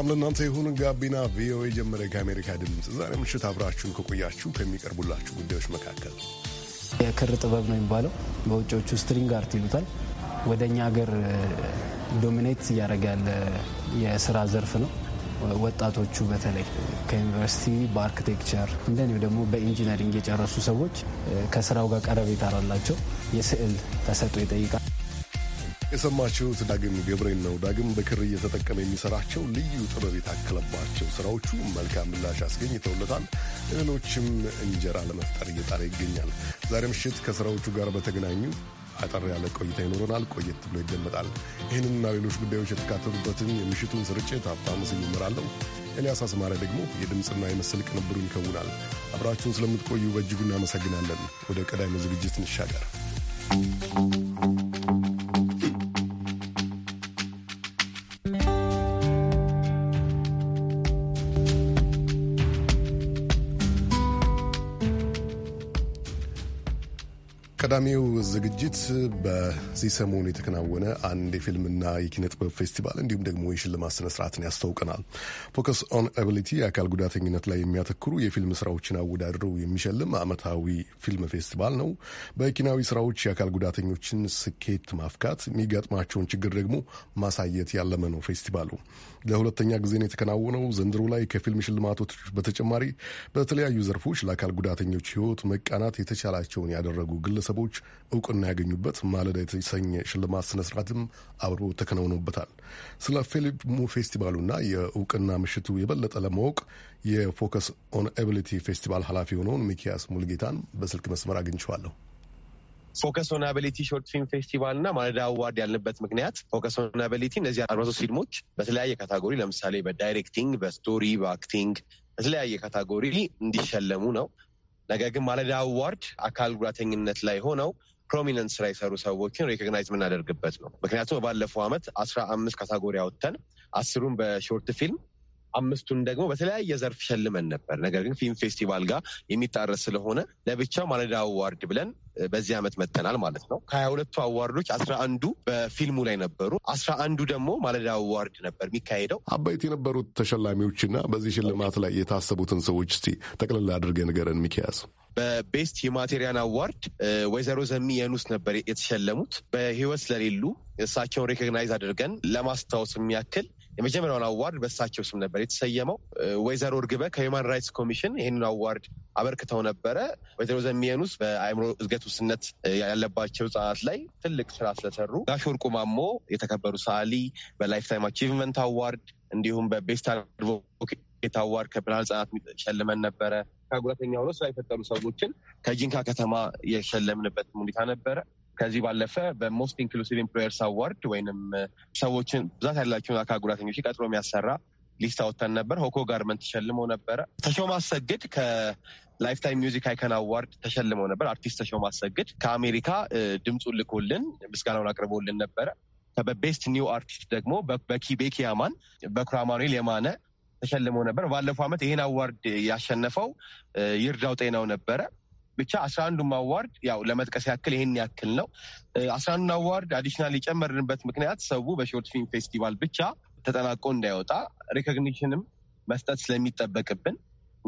ሰላም ለእናንተ ይሁን። ጋቢና ቪኦኤ ጀመረ። ከአሜሪካ ድምፅ ዛሬ ምሽት አብራችሁን ከቆያችሁ ከሚቀርቡላችሁ ጉዳዮች መካከል የክር ጥበብ ነው የሚባለው። በውጭዎቹ ስትሪንግ አርት ይሉታል። ወደ እኛ ሀገር ዶሚኔት እያደረገ ያለ የስራ ዘርፍ ነው። ወጣቶቹ በተለይ ከዩኒቨርሲቲ በአርክቴክቸር እንደኔ ደግሞ በኢንጂነሪንግ የጨረሱ ሰዎች ከስራው ጋር ቀረቤታ አላቸው። የስዕል ተሰጥኦ ይጠይቃል። የሰማችሁት ዳግም ገብሬን ነው። ዳግም በክር እየተጠቀመ የሚሰራቸው ልዩ ጥበብ የታከለባቸው ስራዎቹ መልካም ምላሽ አስገኝተውለታል። ሌሎችም እንጀራ ለመፍጠር እየጣረ ይገኛል። ዛሬ ምሽት ከስራዎቹ ጋር በተገናኙ አጠር ያለ ቆይታ ይኖረናል። ቆየት ብሎ ይደመጣል። ይህንና ሌሎች ጉዳዮች የተካተቱበትን የምሽቱን ስርጭት አባሙስ ይመራለሁ። ኤልያስ አስማሪ ደግሞ የድምፅና የምስል ቅንብሩን ይከውናል። አብራችሁን ስለምትቆዩ በእጅጉ እናመሰግናለን። ወደ ቀዳሚ ዝግጅት እንሻገር። ቀዳሚው ዝግጅት በዚህ ሰሞኑ የተከናወነ አንድ የፊልምና የኪነ ጥበብ ፌስቲቫል እንዲሁም ደግሞ የሽልማት ስነ ስርዓትን ያስታውቀናል። ፎከስ ኦን አቢሊቲ የአካል ጉዳተኝነት ላይ የሚያተክሩ የፊልም ስራዎችን አወዳድረው የሚሸልም ዓመታዊ ፊልም ፌስቲቫል ነው። በኪናዊ ስራዎች የአካል ጉዳተኞችን ስኬት ማፍካት፣ የሚገጥማቸውን ችግር ደግሞ ማሳየት ያለመ ነው። ፌስቲቫሉ ለሁለተኛ ጊዜ ነው የተከናወነው። ዘንድሮ ላይ ከፊልም ሽልማቶች በተጨማሪ በተለያዩ ዘርፎች ለአካል ጉዳተኞች ህይወት መቃናት የተቻላቸውን ያደረጉ ግለሰቦች ሀሳቦች እውቅና ያገኙበት ማለዳ የተሰኘ ሽልማት ስነ ስርዓትም አብሮ ተከናውኖበታል። ስለ ፊሊፕ ሙ ፌስቲቫሉና የእውቅና ምሽቱ የበለጠ ለማወቅ የፎከስ ኦን ኤብሊቲ ፌስቲቫል ኃላፊ የሆነውን ሚኪያስ ሙልጌታን በስልክ መስመር አግኝቸዋለሁ። ፎከስ ኦን አቢሊቲ ሾርት ፊልም ፌስቲቫል እና ማለዳ አዋርድ ያልንበት ምክንያት ፎከስ ኦን አቢሊቲ እነዚህ አርባ ሶስት ፊልሞች በተለያየ ካታጎሪ ለምሳሌ በዳይሬክቲንግ፣ በስቶሪ፣ በአክቲንግ በተለያየ ካታጎሪ እንዲሸለሙ ነው። ነገር ግን ማለዳ አዋርድ አካል ጉዳተኝነት ላይ ሆነው ፕሮሚነንት ስራ የሰሩ ሰዎችን ሬኮግናይዝ የምናደርግበት ነው። ምክንያቱም ባለፈው ዓመት አስራ አምስት ካታጎሪ አወጥተን አስሩን በሾርት ፊልም አምስቱን ደግሞ በተለያየ ዘርፍ ሸልመን ነበር። ነገር ግን ፊልም ፌስቲቫል ጋር የሚጣረስ ስለሆነ ለብቻው ማለዳ አዋርድ ብለን በዚህ ዓመት መተናል ማለት ነው። ከሀያ ሁለቱ አዋርዶች አስራ አንዱ በፊልሙ ላይ ነበሩ። አስራ አንዱ ደግሞ ማለዳ አዋርድ ነበር የሚካሄደው። አበይት የነበሩት ተሸላሚዎችና በዚህ ሽልማት ላይ የታሰቡትን ሰዎች እስቲ ጠቅልላ አድርገ ንገረን ሚኪያስ። በቤስት የማቴሪያል አዋርድ ወይዘሮ ዘሚ የኑስ ነበር የተሸለሙት። በህይወት ስለሌሉ እሳቸውን ሬኮግናይዝ አድርገን ለማስታወስ የሚያክል የመጀመሪያውን አዋርድ በሳቸው ስም ነበር የተሰየመው። ወይዘሮ እርግበ ከሂውማን ራይትስ ኮሚሽን ይህንን አዋርድ አበርክተው ነበረ። ወይዘሮ ዘሚየኑስ ውስጥ በአእምሮ እድገት ውስንነት ያለባቸው ህጻናት ላይ ትልቅ ስራ ስለሰሩ፣ ጋሽ ወርቁ ማሞ የተከበሩ ሰዓሊ በላይፍታይም አቺቭመንት አዋርድ እንዲሁም በቤስት አድቮኬት አዋርድ ከብርሃን ህጻናት ሸልመን ነበረ። ከጉዳተኛ ሆኖ ስራ የፈጠሩ ሰዎችን ከጂንካ ከተማ የሸለምንበት ሁኔታ ነበረ። ከዚህ ባለፈ በሞስት ኢንክሉሲቭ ኢምፕሎየርስ አዋርድ ወይንም ሰዎችን ብዛት ያላቸውን አካል ጉዳተኞች ቀጥሮ የሚያሰራ ሊስት አወጥተን ነበር። ሆኮ ጋርመንት ተሸልሞ ነበረ። ተሾመ አሰግድ ከላይፍታይም ሚውዚክ አይከን አዋርድ ተሸልመው ነበር። አርቲስት ተሾመ አሰግድ ከአሜሪካ ድምፁን ልኮልን ምስጋናውን አቅርቦልን ነበረ። በቤስት ኒው አርቲስት ደግሞ በኪቤክ ያማን በኩራማኑኤል የማነ ተሸልሞ ነበር። ባለፈው ዓመት ይህን አዋርድ ያሸነፈው ይርዳው ጤናው ነበረ። ብቻ አስራ አንዱም አዋርድ ያው ለመጥቀስ ያክል ይህን ያክል ነው። አስራ አንዱን አዋርድ አዲሽናል የጨመርንበት ምክንያት ሰው በሾርት ፊልም ፌስቲቫል ብቻ ተጠናቆ እንዳይወጣ ሪኮግኒሽንም መስጠት ስለሚጠበቅብን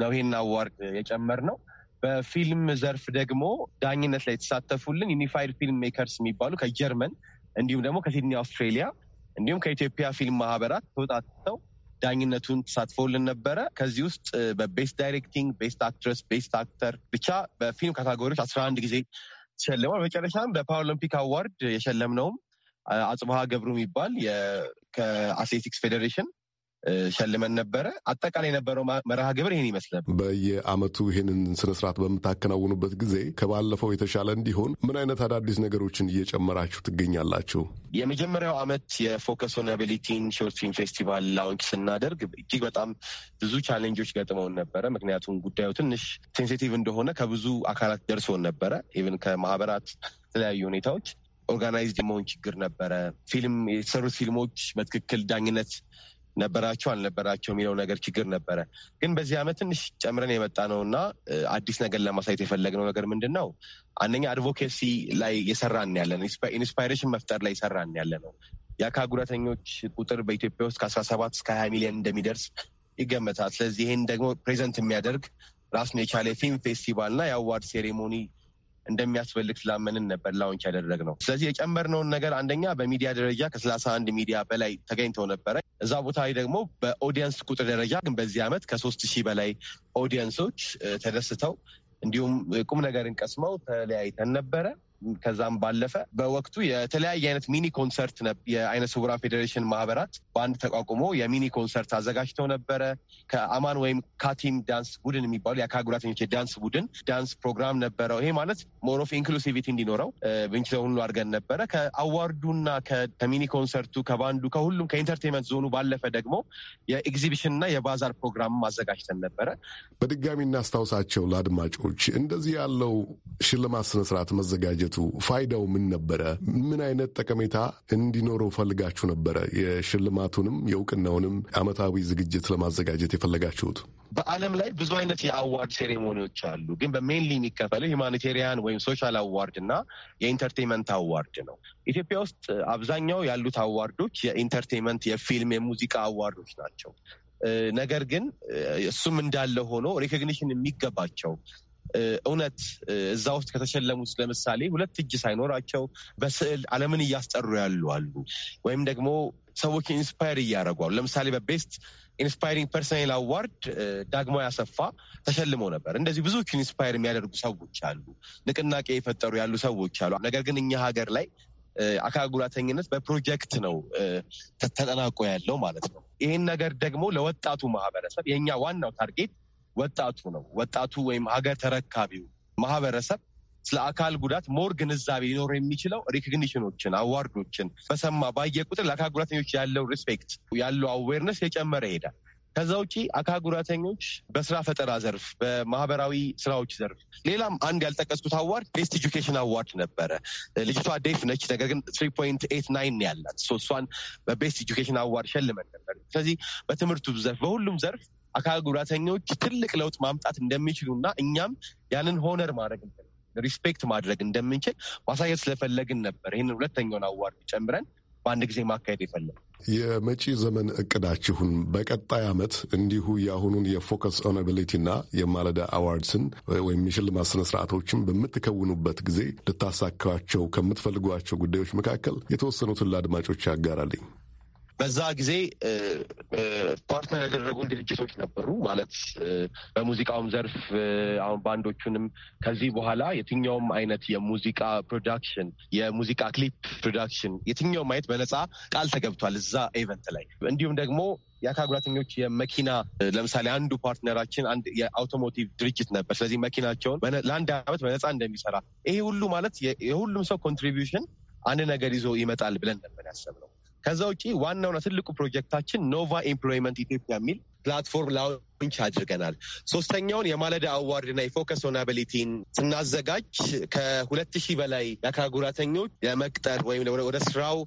ነው ይህን አዋርድ የጨመርነው። በፊልም ዘርፍ ደግሞ ዳኝነት ላይ የተሳተፉልን ዩኒፋይድ ፊልም ሜከርስ የሚባሉ ከጀርመን እንዲሁም ደግሞ ከሲድኒ አውስትሬሊያ እንዲሁም ከኢትዮጵያ ፊልም ማህበራት ተውጣጥተው ዳኝነቱን ተሳትፎልን ነበረ። ከዚህ ውስጥ በቤስት ዳይሬክቲንግ፣ ቤስት አክትረስ፣ ቤስት አክተር ብቻ በፊልም ካታጎሪዎች አስራ አንድ ጊዜ ተሸልሟል። በመጨረሻም በፓራኦሎምፒክ አዋርድ የሸለምነውም አጽብሃ ገብሩ የሚባል ከአትሌቲክስ ፌዴሬሽን ሸልመን ነበረ። አጠቃላይ የነበረው መርሃ ግብር ይህን ይመስላል። በየአመቱ ይህንን ስነስርዓት በምታከናውኑበት ጊዜ ከባለፈው የተሻለ እንዲሆን ምን አይነት አዳዲስ ነገሮችን እየጨመራችሁ ትገኛላችሁ? የመጀመሪያው አመት የፎከስ ኦን አቢሊቲን ሾርት ፊልም ፌስቲቫል ላውንች ስናደርግ እጅግ በጣም ብዙ ቻሌንጆች ገጥመውን ነበረ። ምክንያቱም ጉዳዩ ትንሽ ሴንሲቲቭ እንደሆነ ከብዙ አካላት ደርሶን ነበረ። ኢቨን ከማህበራት የተለያዩ ሁኔታዎች ኦርጋናይዝድ የመሆን ችግር ነበረ። ፊልም የተሰሩት ፊልሞች በትክክል ዳኝነት ነበራቸው አልነበራቸው የሚለው ነገር ችግር ነበረ። ግን በዚህ ዓመት ትንሽ ጨምረን የመጣ ነው እና አዲስ ነገር ለማሳየት የፈለግነው ነገር ምንድን ነው? አንደኛ አድቮኬሲ ላይ የሰራን ያለ ነው። ኢንስፓይሬሽን መፍጠር ላይ የሰራን ያለ ነው። የአካል ጉዳተኞች ቁጥር በኢትዮጵያ ውስጥ ከአስራ ሰባት እስከ ሀያ ሚሊዮን እንደሚደርስ ይገመታል። ስለዚህ ይህን ደግሞ ፕሬዘንት የሚያደርግ ራሱን የቻለ ፊልም ፌስቲቫል እና የአዋርድ ሴሬሞኒ እንደሚያስፈልግ ስላመንን ነበር ላውንች ነው። ስለዚህ የጨመርነውን ነገር አንደኛ በሚዲያ ደረጃ ከሰላሳ አንድ ሚዲያ በላይ ተገኝተው ነበረ። እዛ ቦታ ላይ ደግሞ በኦዲየንስ ቁጥር ደረጃ ግን በዚህ ዓመት ከሶስት ሺህ በላይ ኦዲየንሶች ተደስተው እንዲሁም ቁም ነገርን ቀስመው ተለያይተን ነበረ። ከዛም ባለፈ በወቅቱ የተለያየ አይነት ሚኒ ኮንሰርት የአይነ ስውራ ፌዴሬሽን ማህበራት በአንድ ተቋቁሞ የሚኒ ኮንሰርት አዘጋጅተው ነበረ። ከአማን ወይም ካቲም ዳንስ ቡድን የሚባሉ የአካል ጉዳተኞች የዳንስ ቡድን ዳንስ ፕሮግራም ነበረው። ይሄ ማለት ሞሮፍ ኢንክሉሲቪቲ እንዲኖረው ብንችለው ሁሉ አድርገን ነበረ። ከአዋርዱና ከሚኒ ኮንሰርቱ ከባንዱ ከሁሉም ከኢንተርቴንመንት ዞኑ ባለፈ ደግሞ የኤግዚቢሽንና የባዛር ፕሮግራም አዘጋጅተን ነበረ። በድጋሚ እናስታውሳቸው ለአድማጮች እንደዚህ ያለው ሽልማት ስነስርዓት መዘጋጀት ውጤቱ ፋይዳው ምን ነበረ? ምን አይነት ጠቀሜታ እንዲኖረው ፈልጋችሁ ነበረ? የሽልማቱንም የእውቅናውንም አመታዊ ዝግጅት ለማዘጋጀት የፈለጋችሁት? በዓለም ላይ ብዙ አይነት የአዋርድ ሴሬሞኒዎች አሉ። ግን በሜንሊ የሚከፈለው ሁማኒቴሪያን ወይም ሶሻል አዋርድ እና የኢንተርቴንመንት አዋርድ ነው። ኢትዮጵያ ውስጥ አብዛኛው ያሉት አዋርዶች የኢንተርቴንመንት፣ የፊልም፣ የሙዚቃ አዋርዶች ናቸው። ነገር ግን እሱም እንዳለ ሆኖ ሪኮግኒሽን የሚገባቸው እውነት እዛ ውስጥ ከተሸለሙት ለምሳሌ ሁለት እጅ ሳይኖራቸው በስዕል ዓለምን እያስጠሩ ያሉ አሉ። ወይም ደግሞ ሰዎች ኢንስፓየር እያደረጓሉ። ለምሳሌ በቤስት ኢንስፓይሪንግ ፐርሰኔል አዋርድ ዳግማዊ አሰፋ ተሸልመው ነበር። እንደዚህ ብዙዎቹ ኢንስፓየር የሚያደርጉ ሰዎች አሉ፣ ንቅናቄ የፈጠሩ ያሉ ሰዎች አሉ። ነገር ግን እኛ ሀገር ላይ አካል ጉዳተኝነት በፕሮጀክት ነው ተጠናቆ ያለው ማለት ነው። ይህን ነገር ደግሞ ለወጣቱ ማህበረሰብ የእኛ ዋናው ታርጌት ወጣቱ ነው። ወጣቱ ወይም ሀገር ተረካቢው ማህበረሰብ ስለ አካል ጉዳት ሞር ግንዛቤ ሊኖረው የሚችለው ሪኮግኒሽኖችን፣ አዋርዶችን በሰማ ባየ ቁጥር ለአካል ጉዳተኞች ያለው ሪስፔክት ያለው አዌርነስ የጨመረ ይሄዳል። ከዛ ውጪ አካል ጉዳተኞች በስራ ፈጠራ ዘርፍ፣ በማህበራዊ ስራዎች ዘርፍ ሌላም አንድ ያልጠቀስኩት አዋርድ ቤስት ኤጁኬሽን አዋርድ ነበረ። ልጅቷ ዴፍ ነች፣ ነገር ግን ትሪ ፖይንት ኤት ናይን ያላት እሷን በቤስት ኤጁኬሽን አዋርድ ሸልመን ነበር። ስለዚህ በትምህርቱ ዘርፍ በሁሉም ዘርፍ አካል ጉዳተኞች ትልቅ ለውጥ ማምጣት እንደሚችሉና እኛም ያንን ሆነር ማድረግ ሪስፔክት ማድረግ እንደምንችል ማሳየት ስለፈለግን ነበር ይህንን ሁለተኛውን አዋርድ ጨምረን በአንድ ጊዜ ማካሄድ የፈለግ የመጪ ዘመን እቅዳችሁን በቀጣይ ዓመት እንዲሁ የአሁኑን የፎከስ ኦን አቢሊቲና የማለዳ አዋርድስን ወይም የሽልማት ስነ ስርዓቶችን በምትከውኑበት ጊዜ ልታሳካቸው ከምትፈልጓቸው ጉዳዮች መካከል የተወሰኑትን ለአድማጮች ያጋራልኝ። በዛ ጊዜ ፓርትነር ያደረጉን ድርጅቶች ነበሩ። ማለት በሙዚቃውም ዘርፍ አሁን ባንዶቹንም ከዚህ በኋላ የትኛውም አይነት የሙዚቃ ፕሮዳክሽን፣ የሙዚቃ ክሊፕ ፕሮዳክሽን የትኛውም አይነት በነፃ ቃል ተገብቷል እዛ ኤቨንት ላይ እንዲሁም ደግሞ የአካል ጉዳተኞች የመኪና ለምሳሌ አንዱ ፓርትነራችን አንድ የአውቶሞቲቭ ድርጅት ነበር። ስለዚህ መኪናቸውን ለአንድ ዓመት በነፃ እንደሚሰራ ይሄ ሁሉ ማለት የሁሉም ሰው ኮንትሪቢሽን አንድ ነገር ይዞ ይመጣል ብለን ነበር ያሰብነው። ከዛ ውጪ ዋናውና ትልቁ ፕሮጀክታችን ኖቫ ኤምፕሎይመንት ኢትዮጵያ የሚል ፕላትፎርም ላውንች አድርገናል። ሶስተኛውን የማለዳ አዋርድና የፎከስ ኦን ስናዘጋጅ ከሁለት ሺህ በላይ የአካል ጉዳተኞች ለመቅጠር ወይም ወደ ስራው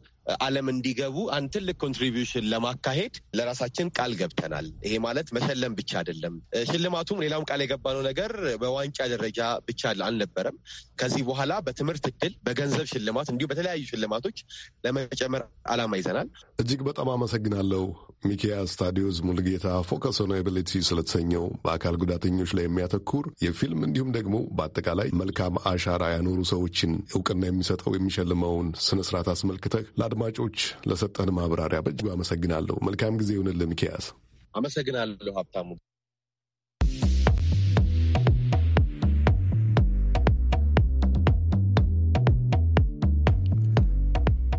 ዓለም እንዲገቡ አንድ ትልቅ ኮንትሪቢሽን ለማካሄድ ለራሳችን ቃል ገብተናል። ይሄ ማለት መሸለም ብቻ አይደለም። ሽልማቱም ሌላውም ቃል የገባነው ነገር በዋንጫ ደረጃ ብቻ አልነበረም። ከዚህ በኋላ በትምህርት እድል፣ በገንዘብ ሽልማት እንዲሁም በተለያዩ ሽልማቶች ለመጨመር አላማ ይዘናል። እጅግ በጣም አመሰግናለሁ። ሚኪያ ታዲዮስ ሙልጌታ ፎከስ ኦን ኤቢሊቲ ስለተሰኘው በአካል ጉዳተኞች ላይ የሚያተኩር የፊልም እንዲሁም ደግሞ በአጠቃላይ መልካም አሻራ ያኖሩ ሰዎችን እውቅና የሚሰጠው የሚሸልመውን ስነስርዓት አስመልክተህ አድማጮች፣ ለሰጠን ማብራሪያ በእጅጉ አመሰግናለሁ። መልካም ጊዜ ይሁንልን ሚኪያስ። አመሰግናለሁ ሀብታሙ።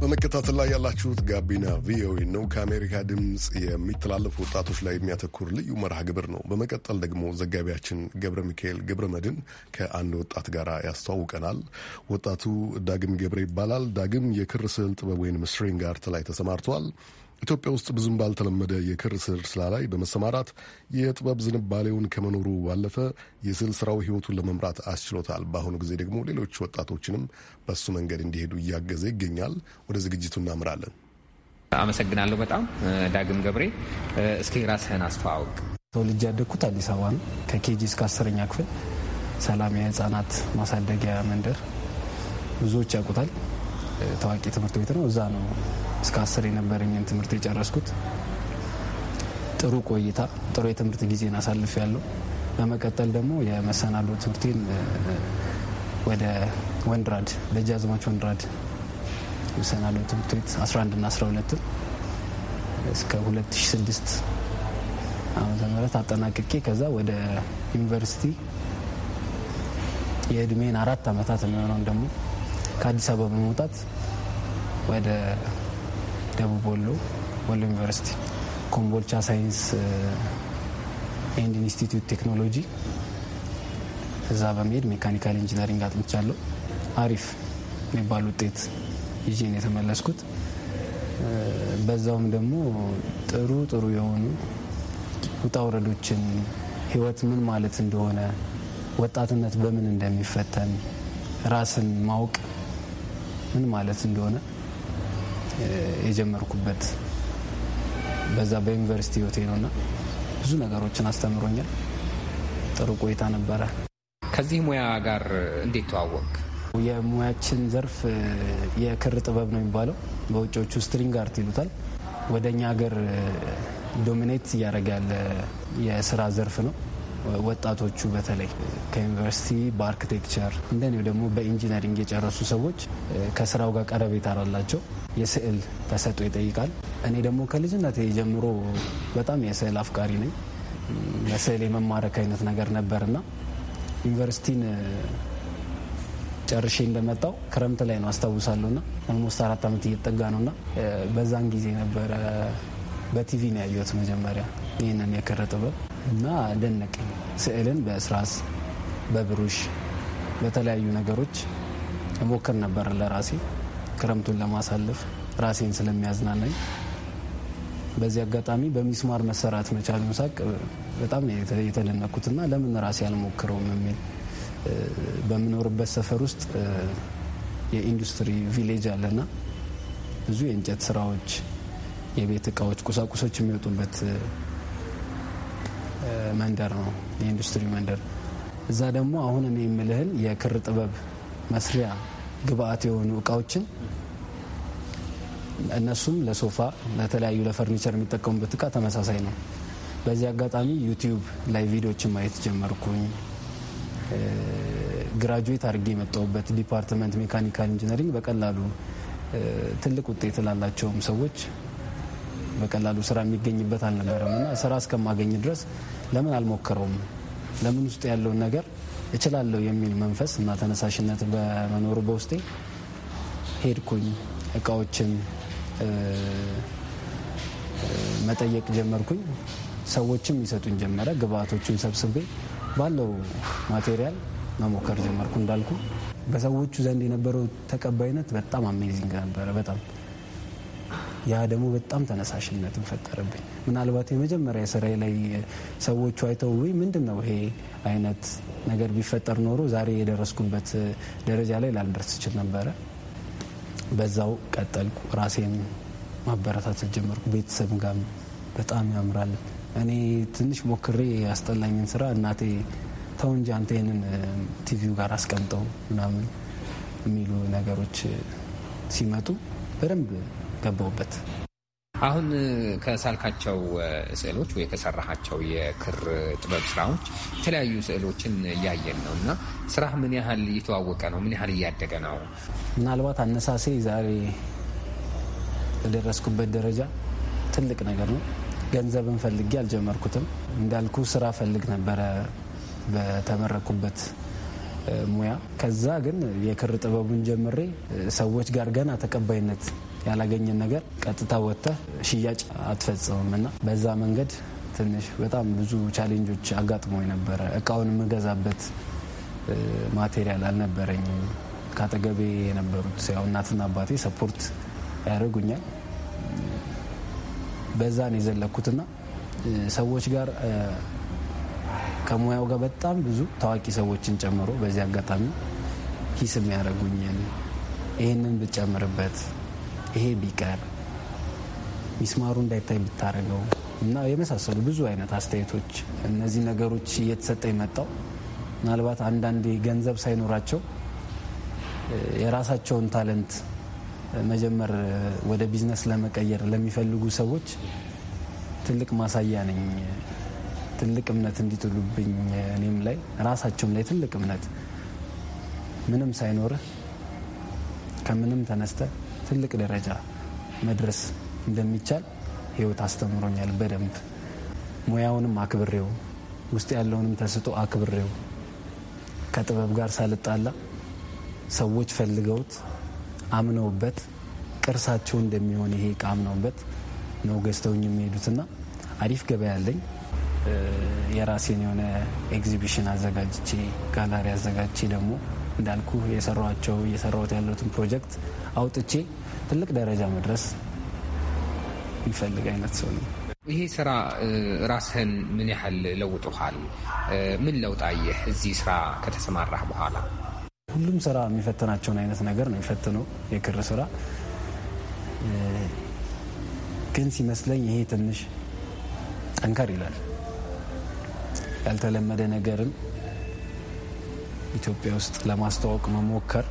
በመከታተል ላይ ያላችሁት ጋቢና ቪኦኤ ነው። ከአሜሪካ ድምፅ የሚተላለፉ ወጣቶች ላይ የሚያተኩር ልዩ መርሃ ግብር ነው። በመቀጠል ደግሞ ዘጋቢያችን ገብረ ሚካኤል ገብረ መድን ከአንድ ወጣት ጋር ያስተዋውቀናል። ወጣቱ ዳግም ገብረ ይባላል። ዳግም የክር ስዕል ጥበብ ወይም ስትሪንግ አርት ላይ ተሰማርቷል። ኢትዮጵያ ውስጥ ብዙም ባልተለመደ የክር ስር ስራ ላይ በመሰማራት የጥበብ ዝንባሌውን ከመኖሩ ባለፈ የስዕል ስራው ህይወቱን ለመምራት አስችሎታል። በአሁኑ ጊዜ ደግሞ ሌሎች ወጣቶችንም በሱ መንገድ እንዲሄዱ እያገዘ ይገኛል። ወደ ዝግጅቱ እናምራለን። አመሰግናለሁ በጣም ዳግም ገብሬ። እስኪ ራስህን አስተዋውቅ። ተወልጄ ያደግኩት አዲስ አበባ ነው። ከኬጂ እስከ አስረኛ ክፍል ሰላም የህፃናት ማሳደጊያ መንደር ብዙዎች ያውቁታል። ታዋቂ ትምህርት ቤት ነው። እዛ ነው እስከ አስር የነበረኝን ትምህርት የጨረስኩት። ጥሩ ቆይታ፣ ጥሩ የትምህርት ጊዜን አሳልፍ ያለው። በመቀጠል ደግሞ የመሰናዶ ትምህርቴን ወደ ወንድራድ ደጃዝማች ወንድራድ መሰናዶ ትምህርት ቤት 11 እና 12 እስከ 2006 ዓመተ ምህረት አጠናቅቄ ከዛ ወደ ዩኒቨርሲቲ የእድሜን አራት ዓመታት የሚሆነውን ደግሞ ከአዲስ አበባ በመውጣት ወደ ደቡብ ወሎ ወሎ ዩኒቨርሲቲ ኮምቦልቻ ሳይንስ ኤንድ ኢንስቲትዩት ቴክኖሎጂ እዛ በመሄድ ሜካኒካል ኢንጂነሪንግ አጥንቻለሁ። አሪፍ የሚባል ውጤት ይዤ ነው የተመለስኩት። በዛውም ደግሞ ጥሩ ጥሩ የሆኑ ውጣ ውረዶችን ህይወት ምን ማለት እንደሆነ፣ ወጣትነት በምን እንደሚፈተን ራስን ማወቅ ምን ማለት እንደሆነ የጀመርኩበት በዛ በዩኒቨርሲቲ ህይወቴ ነውና ብዙ ነገሮችን አስተምሮኛል። ጥሩ ቆይታ ነበረ። ከዚህ ሙያ ጋር እንዴት ተዋወቅ? የሙያችን ዘርፍ የክር ጥበብ ነው የሚባለው። በውጮቹ ስትሪንግ አርት ይሉታል። ወደ እኛ ሀገር ዶሚኔት እያደረገ ያለ የስራ ዘርፍ ነው። ወጣቶቹ በተለይ ከዩኒቨርሲቲ በአርክቴክቸር እንደኔ ደግሞ በኢንጂነሪንግ የጨረሱ ሰዎች ከስራው ጋር ቀረቤታ አላቸው። የስዕል ተሰጦ ይጠይቃል። እኔ ደግሞ ከልጅነት ጀምሮ በጣም የስዕል አፍቃሪ ነኝ። ለስዕል የመማረክ አይነት ነገር ነበርና ዩኒቨርሲቲን ጨርሼ እንደመጣው ክረምት ላይ ነው ና ኦልሞስት አራት ዓመት እየጠጋ ና በዛን ጊዜ ነበረ በቲቪ ነው ያየሁት መጀመሪያ ይህንን የክር ጥበብ እና ደነቀኝ። ስዕልን በእስራስ በብሩሽ በተለያዩ ነገሮች እሞክር ነበር ለራሴ ክረምቱን ለማሳለፍ ራሴን ስለሚያዝናናኝ። በዚህ አጋጣሚ በሚስማር መሰራት መቻሉን ሳቅ በጣም የተደነኩትና ለምን ራሴ አልሞክረውም የሚል በምኖርበት ሰፈር ውስጥ የኢንዱስትሪ ቪሌጅ አለና ብዙ የእንጨት ስራዎች የቤት እቃዎች፣ ቁሳቁሶች የሚወጡበት መንደር ነው የኢንዱስትሪ መንደር። እዛ ደግሞ አሁን እኔ የምልህን የክር ጥበብ መስሪያ ግብአት የሆኑ እቃዎችን እነሱም ለሶፋ ለተለያዩ ለፈርኒቸር የሚጠቀሙበት እቃ ተመሳሳይ ነው። በዚህ አጋጣሚ ዩቲዩብ ላይ ቪዲዮዎችን ማየት ጀመርኩኝ። ግራጁዌት አድርጌ የመጣሁበት ዲፓርትመንት ሜካኒካል ኢንጂነሪንግ በቀላሉ ትልቅ ውጤት ላላቸውም ሰዎች በቀላሉ ስራ የሚገኝበት አልነበረም እና ስራ እስከማገኝ ድረስ ለምን አልሞከረውም? ለምን ውስጥ ያለውን ነገር እችላለሁ የሚል መንፈስ እና ተነሳሽነት በመኖሩ በውስጤ ሄድኩኝ። እቃዎችን መጠየቅ ጀመርኩኝ። ሰዎችም ይሰጡኝ ጀመረ። ግብአቶቹን ሰብስቤ ባለው ማቴሪያል መሞከር ጀመርኩ። እንዳልኩ በሰዎቹ ዘንድ የነበረው ተቀባይነት በጣም አሜዚንግ ነበረ በጣም ያ ደግሞ በጣም ተነሳሽነትን ፈጠረብኝ። ምናልባት የመጀመሪያ ስራ ላይ ሰዎቹ አይተው ውይ ምንድን ነው ይሄ አይነት ነገር ቢፈጠር ኖሮ ዛሬ የደረስኩበት ደረጃ ላይ ላልደርስ ችል ነበረ። በዛው ቀጠልኩ። ራሴን ማበረታት ጀመርኩ። ቤተሰብ ጋር በጣም ያምራል። እኔ ትንሽ ሞክሬ ያስጠላኝን ስራ እናቴ ተው እንጂ አንተ ይህንን ቲቪው ጋር አስቀምጠው ምናምን የሚሉ ነገሮች ሲመጡ በደንብ ገባሁበት። አሁን ከሳልካቸው ስዕሎች ወይ ከሰራሃቸው የክር ጥበብ ስራዎች የተለያዩ ስዕሎችን እያየን ነው እና ስራህ ምን ያህል እየተዋወቀ ነው? ምን ያህል እያደገ ነው? ምናልባት አነሳሴ ዛሬ በደረስኩበት ደረጃ ትልቅ ነገር ነው። ገንዘብን ፈልጌ አልጀመርኩትም። እንዳልኩ ስራ ፈልግ ነበረ በተመረኩበት ሙያ። ከዛ ግን የክር ጥበቡን ጀምሬ ሰዎች ጋር ገና ተቀባይነት ያላገኘን ነገር ቀጥታ ወጥተህ ሽያጭ አትፈጽምም እና በዛ መንገድ ትንሽ በጣም ብዙ ቻሌንጆች አጋጥሞ ነበረ። እቃውን የምገዛበት ማቴሪያል አልነበረኝም። ካጠገቤ የነበሩት ያው እናትና አባቴ ሰፖርት ያደርጉኛል። በዛ ነው የዘለኩትና ሰዎች ጋር ከሙያው ጋር በጣም ብዙ ታዋቂ ሰዎችን ጨምሮ በዚህ አጋጣሚ ሂስ የሚያደርጉኝን ይህንን ብጨምርበት ይሄ ቢቀር ሚስማሩ እንዳይታይ ብታደርገው እና የመሳሰሉ ብዙ አይነት አስተያየቶች እነዚህ ነገሮች እየተሰጠ የመጣው ምናልባት አንዳንዴ ገንዘብ ሳይኖራቸው የራሳቸውን ታለንት መጀመር ወደ ቢዝነስ ለመቀየር ለሚፈልጉ ሰዎች ትልቅ ማሳያ ነኝ። ትልቅ እምነት እንዲጥሉብኝ እኔም ላይ ራሳቸውም ላይ ትልቅ እምነት ምንም ሳይኖርህ ከምንም ተነስተ ትልቅ ደረጃ መድረስ እንደሚቻል ህይወት አስተምሮኛል። በደንብ ሙያውንም አክብሬው ውስጥ ያለውንም ተስጦ አክብሬው ከጥበብ ጋር ሳልጣላ ሰዎች ፈልገውት አምነውበት ቅርሳቸው እንደሚሆን ይሄ እቃ አምነውበት ነው ገዝተውኝ የሚሄዱትና አሪፍ ገበያ አለኝ። የራሴን የሆነ ኤግዚቢሽን አዘጋጅቼ ጋላሪ አዘጋጅቼ ደግሞ እንዳልኩ የሰሯቸው እየሰራት ያለትን ፕሮጀክት አውጥቼ ትልቅ ደረጃ መድረስ የሚፈልግ አይነት ሰው ነው። ይሄ ስራ ራስህን ምን ያህል ለውጡሃል? ምን ለውጥ አየህ እዚህ ስራ ከተሰማራህ በኋላ? ሁሉም ስራ የሚፈትናቸውን አይነት ነገር ነው የሚፈትነው። የክር ስራ ግን ሲመስለኝ ይሄ ትንሽ ጠንከር ይላል። ያልተለመደ ነገርን ኢትዮጵያ ውስጥ ለማስተዋወቅ መሞከር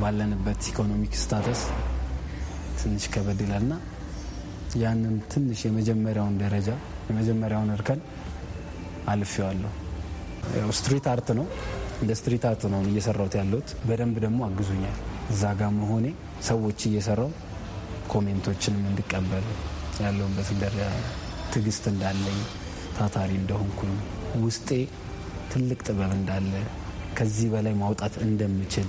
ባለንበት ኢኮኖሚክ ስታተስ ትንሽ ከበድ ይላልና ያንን ትንሽ የመጀመሪያውን ደረጃ የመጀመሪያውን እርከን አልፌዋለሁ። ያው ስትሪት አርት ነው፣ እንደ ስትሪት አርት ነው እየሰራሁት ያለሁት። በደንብ ደግሞ አግዙኛል እዛ ጋ መሆኔ ሰዎች እየሰራው ኮሜንቶችንም እንድቀበል ያለውበት ደረጃ ትግስት እንዳለኝ ታታሪ እንደሆንኩኝ ውስጤ ትልቅ ጥበብ እንዳለ ከዚህ በላይ ማውጣት እንደምችል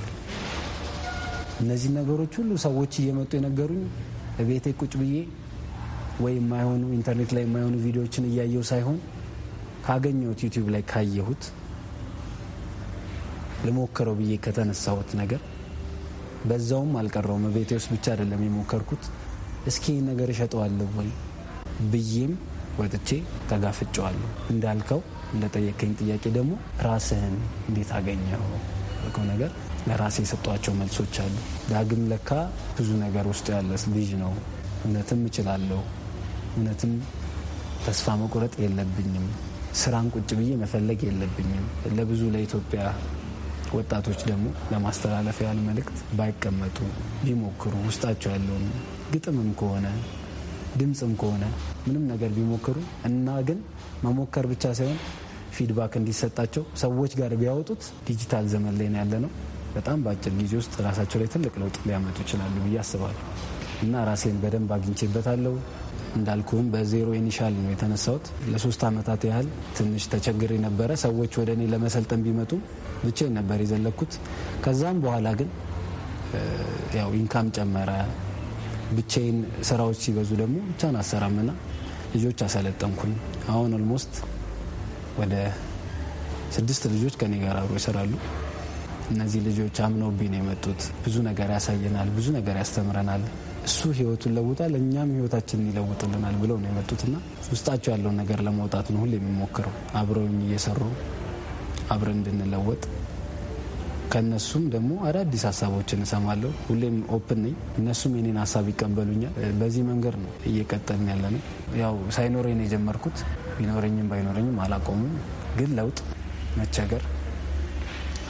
እነዚህ ነገሮች ሁሉ ሰዎች እየመጡ የነገሩኝ ቤቴ ቁጭ ብዬ ወይ የማይሆኑ ኢንተርኔት ላይ የማይሆኑ ቪዲዮዎችን እያየው ሳይሆን ካገኘሁት ዩቲዩብ ላይ ካየሁት ልሞክረው ብዬ ከተነሳሁት ነገር በዛውም አልቀረውም። ቤቴ ውስጥ ብቻ አይደለም የሞከርኩት። እስኪ ነገር እሸጠዋለሁ ወይ ብዬም ወጥቼ ተጋፍጨዋለሁ። እንዳልከው እንደጠየከኝ ጥያቄ ደግሞ ራስህን እንዴት አገኘው ያልከው ነገር ለራሴ የሰጧቸው መልሶች አሉ። ዳግም ለካ ብዙ ነገር ውስጡ ያለ ልጅ ነው። እውነትም እችላለሁ። እውነትም ተስፋ መቁረጥ የለብኝም። ስራን ቁጭ ብዬ መፈለግ የለብኝም። ለብዙ ለኢትዮጵያ ወጣቶች ደግሞ ለማስተላለፍ ያህል መልእክት ባይቀመጡ ቢሞክሩ ውስጣቸው ያለውን ግጥምም ከሆነ ድምፅም ከሆነ ምንም ነገር ቢሞክሩ እና ግን መሞከር ብቻ ሳይሆን ፊድባክ እንዲሰጣቸው ሰዎች ጋር ቢያወጡት ዲጂታል ዘመን ላይ ያለ ነው። በጣም በአጭር ጊዜ ውስጥ ራሳቸው ላይ ትልቅ ለውጥ ሊያመጡ ይችላሉ ብዬ አስባለሁ እና ራሴን በደንብ አግኝቼበታለሁ። እንዳልኩም በዜሮ ኢኒሻል ነው የተነሳሁት። ለሶስት ዓመታት ያህል ትንሽ ተቸግሪ ነበረ። ሰዎች ወደ እኔ ለመሰልጠን ቢመጡ ብቻ ነበር የዘለኩት። ከዛም በኋላ ግን ያው ኢንካም ጨመረ። ብቻዬን ስራዎች ሲበዙ ደግሞ ብቻን አሰራምና ልጆች አሰለጠንኩኝ። አሁን ኦልሞስት ወደ ስድስት ልጆች ከኔ ጋር አብሮ ይሰራሉ። እነዚህ ልጆች አምነውብኝ ነው የመጡት። ብዙ ነገር ያሳየናል፣ ብዙ ነገር ያስተምረናል። እሱ ህይወቱን ለውጣል፣ እኛም ህይወታችንን ይለውጥልናል ብለው ነው የመጡትና ውስጣቸው ያለውን ነገር ለመውጣት ነው ሁሌ የሚሞክረው አብረውኝ እየሰሩ አብረን እንድንለወጥ ከነሱም ደግሞ አዳዲስ ሀሳቦችን እሰማለሁ። ሁሌም ኦፕን ነኝ። እነሱም የኔን ሀሳብ ይቀበሉኛል። በዚህ መንገድ ነው እየቀጠልን ያለ ነው። ያው ሳይኖረኝ የጀመርኩት ቢኖረኝም ባይኖረኝም አላቆምም። ግን ለውጥ መቸገር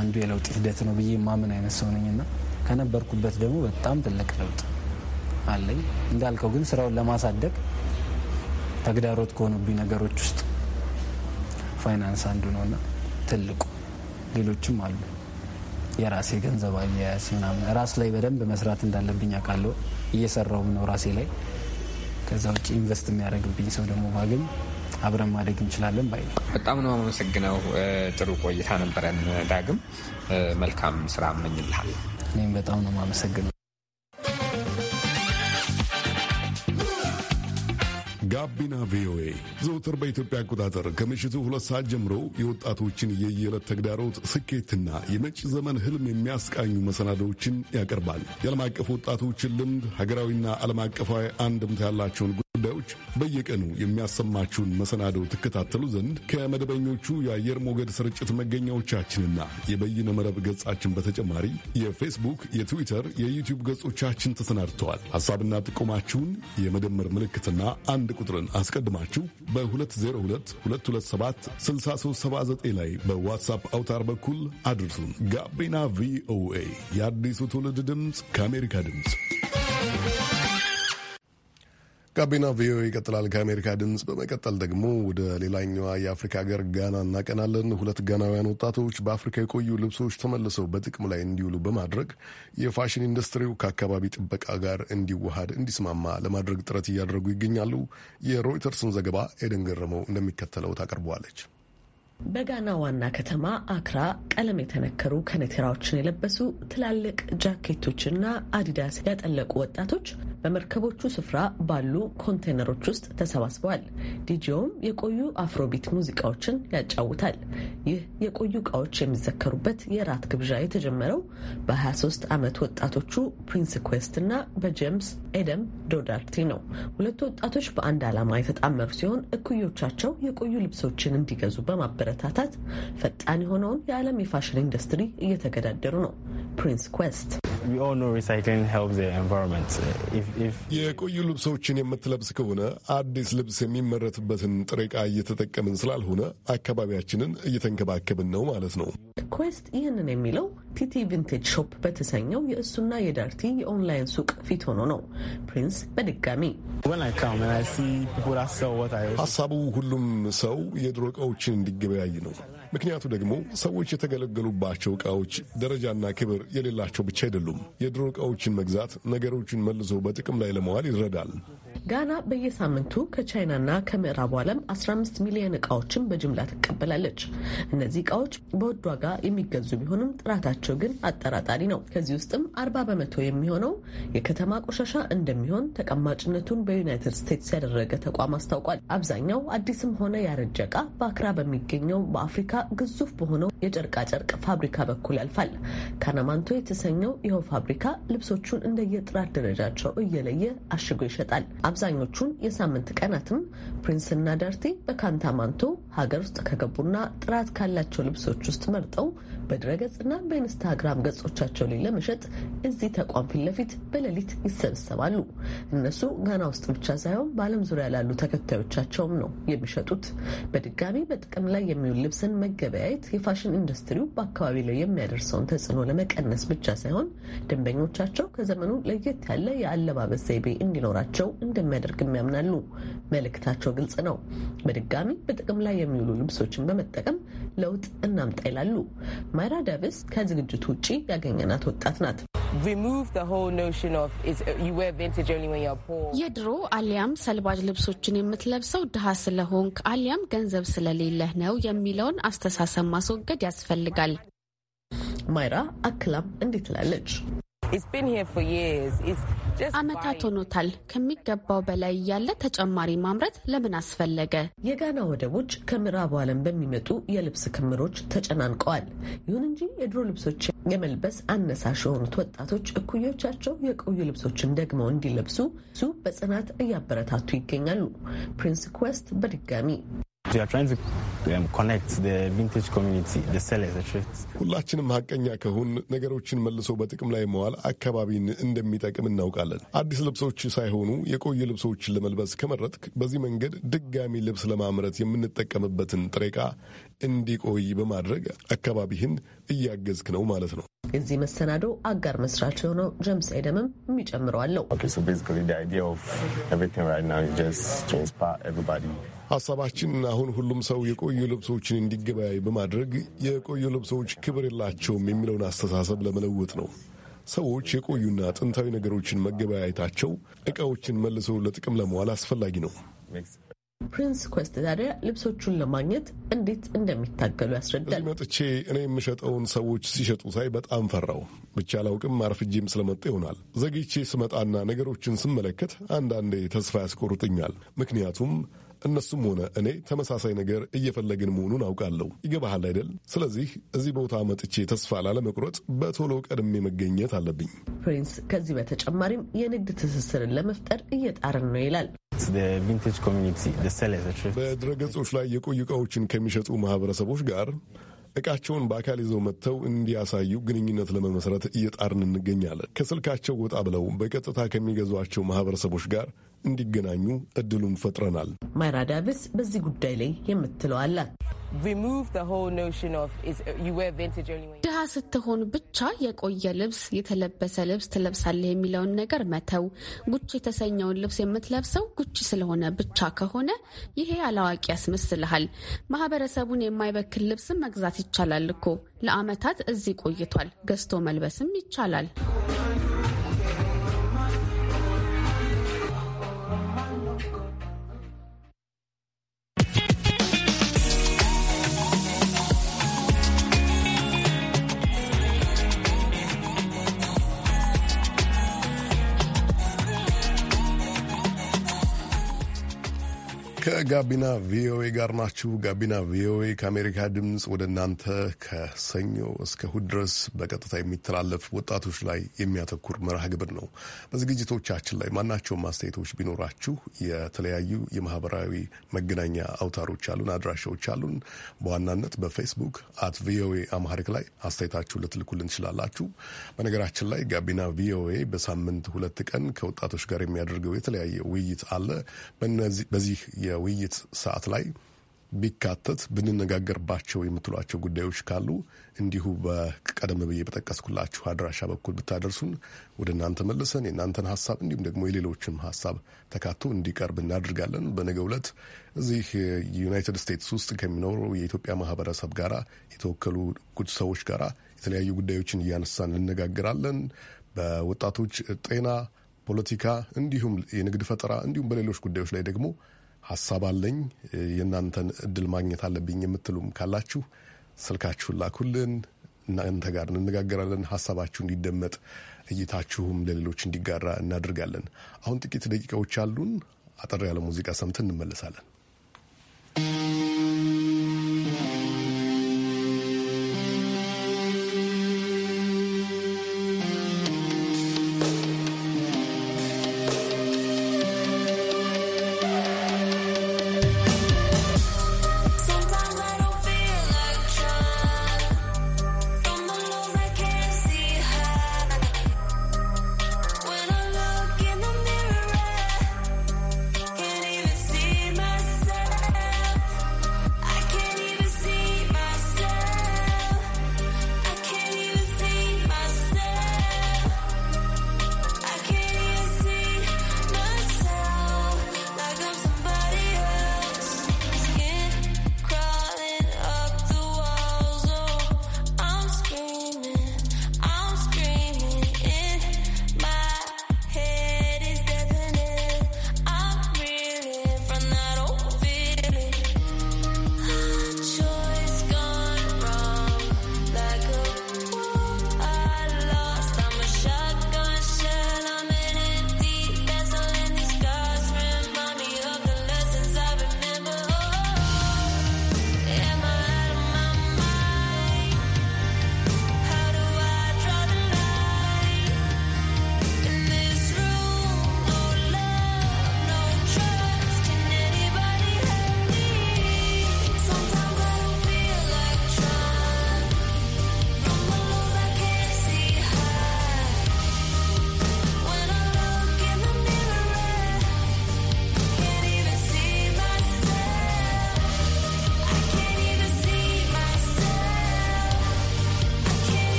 አንዱ የለውጥ ሂደት ነው ብዬ ማምን አይነት ሰው ነኝና ከነበርኩበት ደግሞ በጣም ትልቅ ለውጥ አለኝ። እንዳልከው ግን ስራውን ለማሳደግ ተግዳሮት ከሆኑብኝ ነገሮች ውስጥ ፋይናንስ አንዱ ነውና ትልቁ ሌሎችም አሉ። የራሴ ገንዘብ አያያዝ ምናምን ራስ ላይ በደንብ መስራት እንዳለብኝ አውቃለሁ። እየሰራውም ነው ራሴ ላይ። ከዛ ውጭ ኢንቨስት የሚያደርግብኝ ሰው ደግሞ ባገኝ አብረን ማደግ እንችላለን ባይ ነው። በጣም ነው አመሰግነው። ጥሩ ቆይታ ነበረን። ዳግም መልካም ስራ እመኝልሃል። እኔም በጣም ነው አመሰግነው። ጋቢና ቪኦኤ ዘውትር በኢትዮጵያ አቆጣጠር ከምሽቱ ሁለት ሰዓት ጀምሮ የወጣቶችን የየዕለት ተግዳሮት ስኬትና የመጪ ዘመን ህልም የሚያስቃኙ መሰናዶዎችን ያቀርባል። የዓለም አቀፍ ወጣቶችን ልምድ፣ ሀገራዊና ዓለም አቀፋዊ አንድምታ ያላቸውን ጉዳዮች በየቀኑ የሚያሰማችሁን መሰናዶ ትከታተሉ ዘንድ ከመደበኞቹ የአየር ሞገድ ስርጭት መገኛዎቻችንና የበይነ መረብ ገጻችን በተጨማሪ የፌስቡክ፣ የትዊተር፣ የዩቲዩብ ገጾቻችን ተሰናድተዋል። ሐሳብና ጥቆማችሁን የመደመር ምልክትና አንድ ቁጥርን አስቀድማችሁ በ202227 6379 ላይ በዋትሳፕ አውታር በኩል አድርሱን። ጋቢና ቪኦኤ የአዲሱ ትውልድ ድምፅ ከአሜሪካ ድምፅ ጋቢና ቪኦኤ ይቀጥላል። ከአሜሪካ ድምፅ በመቀጠል ደግሞ ወደ ሌላኛዋ የአፍሪካ ሀገር ጋና እናቀናለን። ሁለት ጋናውያን ወጣቶች በአፍሪካ የቆዩ ልብሶች ተመልሰው በጥቅም ላይ እንዲውሉ በማድረግ የፋሽን ኢንዱስትሪው ከአካባቢ ጥበቃ ጋር እንዲዋሃድ እንዲስማማ ለማድረግ ጥረት እያደረጉ ይገኛሉ። የሮይተርስን ዘገባ ኤደን ገረመው እንደሚከተለው ታቀርበዋለች። በጋና ዋና ከተማ አክራ ቀለም የተነከሩ ከነቴራዎችን የለበሱ ትላልቅ ጃኬቶችና አዲዳስ ያጠለቁ ወጣቶች በመርከቦቹ ስፍራ ባሉ ኮንቴነሮች ውስጥ ተሰባስበዋል። ዲጂውም የቆዩ አፍሮቢት ሙዚቃዎችን ያጫውታል። ይህ የቆዩ እቃዎች የሚዘከሩበት የራት ግብዣ የተጀመረው በ23 ዓመት ወጣቶቹ ፕሪንስ ኩዌስት እና በጄምስ ኤደም ዶዳርቲ ነው። ሁለቱ ወጣቶች በአንድ ዓላማ የተጣመሩ ሲሆን እኩዮቻቸው የቆዩ ልብሶችን እንዲገዙ በማበረታታት ፈጣን የሆነውን የዓለም የፋሽን ኢንዱስትሪ እየተገዳደሩ ነው። ፕሪንስ ኩዌስት የቆዩ ልብሶችን የምትለብስ ከሆነ አዲስ ልብስ የሚመረትበትን ጥሬ ዕቃ እየተጠቀምን ስላልሆነ አካባቢያችንን እየተንከባከብን ነው ማለት ነው። ኩዌስት ይህንን የሚለው ቲቲ ቪንቴጅ ሾፕ በተሰኘው የእሱና የዳርቲ የኦንላይን ሱቅ ፊት ሆኖ ነው። ፕሪንስ በድጋሚ ሀሳቡ ሁሉም ሰው የድሮ እቃዎችን እንዲገበያይ ነው። ምክንያቱ ደግሞ ሰዎች የተገለገሉባቸው እቃዎች ደረጃና ክብር የሌላቸው ብቻ አይደሉም። አይችሉም። የድሮ እቃዎችን መግዛት ነገሮችን መልሶ በጥቅም ላይ ለመዋል ይረዳል። ጋና በየሳምንቱ ከቻይናና ከምዕራቡ ዓለም 15 ሚሊዮን እቃዎችን በጅምላ ትቀበላለች። እነዚህ እቃዎች በውድ ዋጋ የሚገዙ ቢሆንም ጥራታቸው ግን አጠራጣሪ ነው። ከዚህ ውስጥም 40 በመቶ የሚሆነው የከተማ ቆሻሻ እንደሚሆን ተቀማጭነቱን በዩናይትድ ስቴትስ ያደረገ ተቋም አስታውቋል። አብዛኛው አዲስም ሆነ ያረጀ እቃ በአክራ በሚገኘው በአፍሪካ ግዙፍ በሆነው የጨርቃጨርቅ ፋብሪካ በኩል ያልፋል። ካናማንቶ የተሰኘው ፋብሪካ ልብሶቹን እንደየጥራት ደረጃቸው እየለየ አሽጎ ይሸጣል። አብዛኞቹን የሳምንት ቀናትም ፕሪንስና ዳርቲ በካንታማንቶ ሀገር ውስጥ ከገቡና ጥራት ካላቸው ልብሶች ውስጥ መርጠው በድረገጽና በኢንስታግራም ገጾቻቸው ላይ ለመሸጥ እዚህ ተቋም ፊት ለፊት በሌሊት ይሰበሰባሉ። እነሱ ጋና ውስጥ ብቻ ሳይሆን በዓለም ዙሪያ ላሉ ተከታዮቻቸውም ነው የሚሸጡት። በድጋሚ በጥቅም ላይ የሚውል ልብስን መገበያየት የፋሽን ኢንዱስትሪው በአካባቢ ላይ የሚያደርሰውን ተጽዕኖ ለመቀነስ ብቻ ሳይሆን ደንበኞቻቸው ከዘመኑ ለየት ያለ የአለባበስ ዘይቤ እንዲኖራቸው እንደሚያደርግም ያምናሉ። መልእክታቸው ግልጽ ነው። በድጋሚ በጥቅም ላይ የሚውሉ ልብሶችን በመጠቀም ለውጥ እናምጣ ይላሉ። ማይራ ደብስ ከዝግጅቱ ውጭ ያገኘናት ወጣት ናት። የድሮ አሊያም ሰልባጅ ልብሶችን የምትለብሰው ድሃ ስለሆንክ አሊያም ገንዘብ ስለሌለህ ነው የሚለውን አስተሳሰብ ማስወገድ ያስፈልጋል። ማይራ አክላም እንዲህ ትላለች። ዓመታት ሆኖታል። ከሚገባው በላይ ያለ ተጨማሪ ማምረት ለምን አስፈለገ? የጋና ወደቦች ከምዕራቡ ዓለም በሚመጡ የልብስ ክምሮች ተጨናንቀዋል። ይሁን እንጂ የድሮ ልብሶች የመልበስ አነሳሽ የሆኑት ወጣቶች እኩዮቻቸው የቆዩ ልብሶችን ደግመው እንዲለብሱ ሱ በጽናት እያበረታቱ ይገኛሉ። ፕሪንስ ኩዌስት በድጋሚ Um, ሁላችንም ሀቀኛ ከሆን ነገሮችን መልሶ በጥቅም ላይ መዋል አካባቢን እንደሚጠቅም እናውቃለን። አዲስ ልብሶች ሳይሆኑ የቆዩ ልብሶችን ለመልበስ ከመረጥክ በዚህ መንገድ ድጋሚ ልብስ ለማምረት የምንጠቀምበትን ጥሬ ዕቃ እንዲቆይ በማድረግ አካባቢህን እያገዝክ ነው ማለት ነው። እዚህ መሰናዶ አጋር መስራች የሆነው ጀምስ ኤደምም የሚጨምረዋለው ሀሳባችን አሁን ሁሉም ሰው የቆዩ ልብሶችን እንዲገበያይ በማድረግ የቆዩ ልብሶች ክብር የላቸውም የሚለውን አስተሳሰብ ለመለወጥ ነው። ሰዎች የቆዩና ጥንታዊ ነገሮችን መገበያየታቸው እቃዎችን መልሰው ለጥቅም ለመዋል አስፈላጊ ነው። ፕሪንስ ኮስት ታዲያ ልብሶቹን ለማግኘት እንዴት እንደሚታገሉ ያስረዳል። እዚህ መጥቼ እኔ የምሸጠውን ሰዎች ሲሸጡ ሳይ በጣም ፈራው። ብቻ ላውቅም አርፍጄም ስለመጣ ይሆናል። ዘግቼ ስመጣና ነገሮችን ስመለከት አንዳንዴ ተስፋ ያስቆርጥኛል። ምክንያቱም እነሱም ሆነ እኔ ተመሳሳይ ነገር እየፈለግን መሆኑን አውቃለሁ። ይገባሃል አይደል? ስለዚህ እዚህ ቦታ መጥቼ ተስፋ ላለመቁረጥ በቶሎ ቀድሜ መገኘት አለብኝ። ፕሪንስ ከዚህ በተጨማሪም የንግድ ትስስርን ለመፍጠር እየጣርን ነው ይላል። በድረገጾች ላይ የቆዩ እቃዎችን ከሚሸጡ ማህበረሰቦች ጋር እቃቸውን በአካል ይዘው መጥተው እንዲያሳዩ ግንኙነት ለመመስረት እየጣርን እንገኛለን። ከስልካቸው ወጣ ብለው በቀጥታ ከሚገዟቸው ማህበረሰቦች ጋር እንዲገናኙ እድሉን ፈጥረናል። ማይራ ዳቪስ በዚህ ጉዳይ ላይ የምትለው አላት። ድሃ ስትሆን ብቻ የቆየ ልብስ የተለበሰ ልብስ ትለብሳለህ የሚለውን ነገር መተው። ጉች የተሰኘውን ልብስ የምትለብሰው ጉቺ ስለሆነ ብቻ ከሆነ ይሄ አላዋቂ ያስመስልሃል። ማህበረሰቡን የማይበክል ልብስም መግዛት ይቻላል እኮ። ለአመታት እዚህ ቆይቷል። ገዝቶ መልበስም ይቻላል። ከጋቢና ቪኦኤ ጋር ናችሁ። ጋቢና ቪኦኤ ከአሜሪካ ድምፅ ወደ እናንተ ከሰኞ እስከ እሁድ ድረስ በቀጥታ የሚተላለፍ ወጣቶች ላይ የሚያተኩር መርሃ ግብር ነው። በዝግጅቶቻችን ላይ ማናቸውም ማስተያየቶች ቢኖራችሁ የተለያዩ የማህበራዊ መገናኛ አውታሮች አሉን፣ አድራሻዎች አሉን። በዋናነት በፌስቡክ አት ቪኦኤ አማሪክ ላይ አስተያየታችሁ ልትልኩልን ትችላላችሁ። በነገራችን ላይ ጋቢና ቪኦኤ በሳምንት ሁለት ቀን ከወጣቶች ጋር የሚያደርገው የተለያየ ውይይት አለ። በዚህ የውይይት ውይይት ሰዓት ላይ ቢካተት ብንነጋገርባቸው የምትሏቸው ጉዳዮች ካሉ እንዲሁ በቀደም ብዬ በጠቀስኩላችሁ አድራሻ በኩል ብታደርሱን ወደ እናንተ መልሰን የእናንተን ሀሳብ እንዲሁም ደግሞ የሌሎችም ሀሳብ ተካቶ እንዲቀርብ እናደርጋለን በነገ ዕለት እዚህ ዩናይትድ ስቴትስ ውስጥ ከሚኖረው የኢትዮጵያ ማህበረሰብ ጋራ የተወከሉ ሰዎች ጋራ የተለያዩ ጉዳዮችን እያነሳን እንነጋግራለን። በወጣቶች ጤና፣ ፖለቲካ እንዲሁም የንግድ ፈጠራ እንዲሁም በሌሎች ጉዳዮች ላይ ደግሞ ሀሳብ አለኝ፣ የእናንተን እድል ማግኘት አለብኝ የምትሉም ካላችሁ ስልካችሁን ላኩልን። እናንተ ጋር እንነጋገራለን። ሀሳባችሁ እንዲደመጥ እይታችሁም ለሌሎች እንዲጋራ እናደርጋለን። አሁን ጥቂት ደቂቃዎች አሉን። አጠር ያለ ሙዚቃ ሰምተን እንመለሳለን።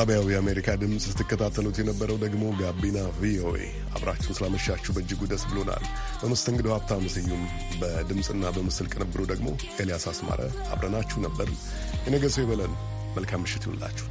ጣቢያዊ የአሜሪካ ድምፅ ስትከታተሉት የነበረው ደግሞ ጋቢና ቪኦኤ። አብራችሁን ስላመሻችሁ በእጅጉ ደስ ብሎናል። በመስተንግዶ ሀብታም ስዩም፣ በድምፅና በምስል ቅንብሩ ደግሞ ኤልያስ አስማረ አብረናችሁ ነበር። የነገ ሰው ይበለን። መልካም ምሽት ይሁንላችሁ።